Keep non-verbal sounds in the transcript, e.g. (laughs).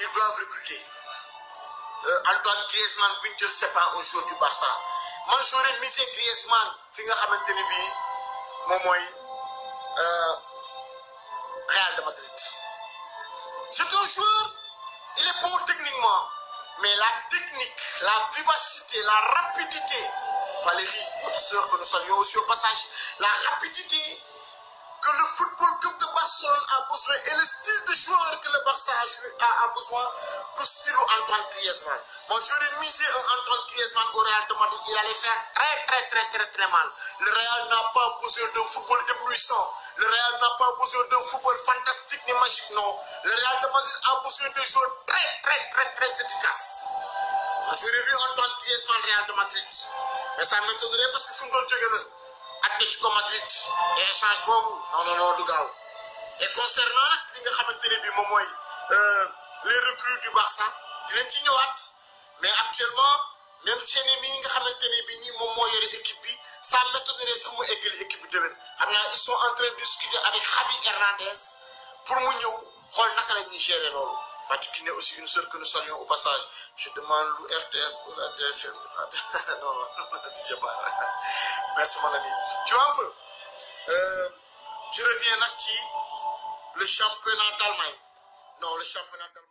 ils doivent recruter. Euh, Antoine Griezmann Winter pas un jour du Barça Moi, j'aurais misé Griezmann fi nga xamante euh, Real de Madrid c'est un joueur il est bon techniquement mais la technique la vivacité la rapidité Valérie notre soeur, que nous saluons aussi au passage la rapidité et le style de joueur que le Barça a, joué, a, a besoin du style Antoine Griezmann. Moi, j'aurais misé Antoine Griezmann au Real de Madrid. Il allait faire très, très, très, très, très mal. Le Real n'a pas besoin de football éblouissant. Le Real n'a pas besoin de football fantastique ni magique, non. Le Real de Madrid a besoin de joueurs très, très, très, très efficaces. Moi, j'aurais vu Antoine Griezmann Real de Madrid. Mais ça m'étonnerait parce que Football Jogger, Atletico Madrid, et échange changement. Non, non, non, du gars et concernant nag li nga xamantene ne bi moom euh les recrues du Barça dinañ ci ñëwaat mais actuellement même Tierney mi nga xamantene bi ni moom moo yore équipe bi ça m'étonnerait sax mu eggali équipe de déwén xam ils sont en train de discuter avec Javi Hernandez pour mu ñëw xol naka la gérer lolu Fatou aussi une sœur que nous saluons au passage je demande lu RTS pour la TFM (laughs) non non (laughs) Didier pas. merci mon ami tu vois un peu euh, je reviens à ci le championnat d'Allemagne. Non, le championnat d'Allemagne.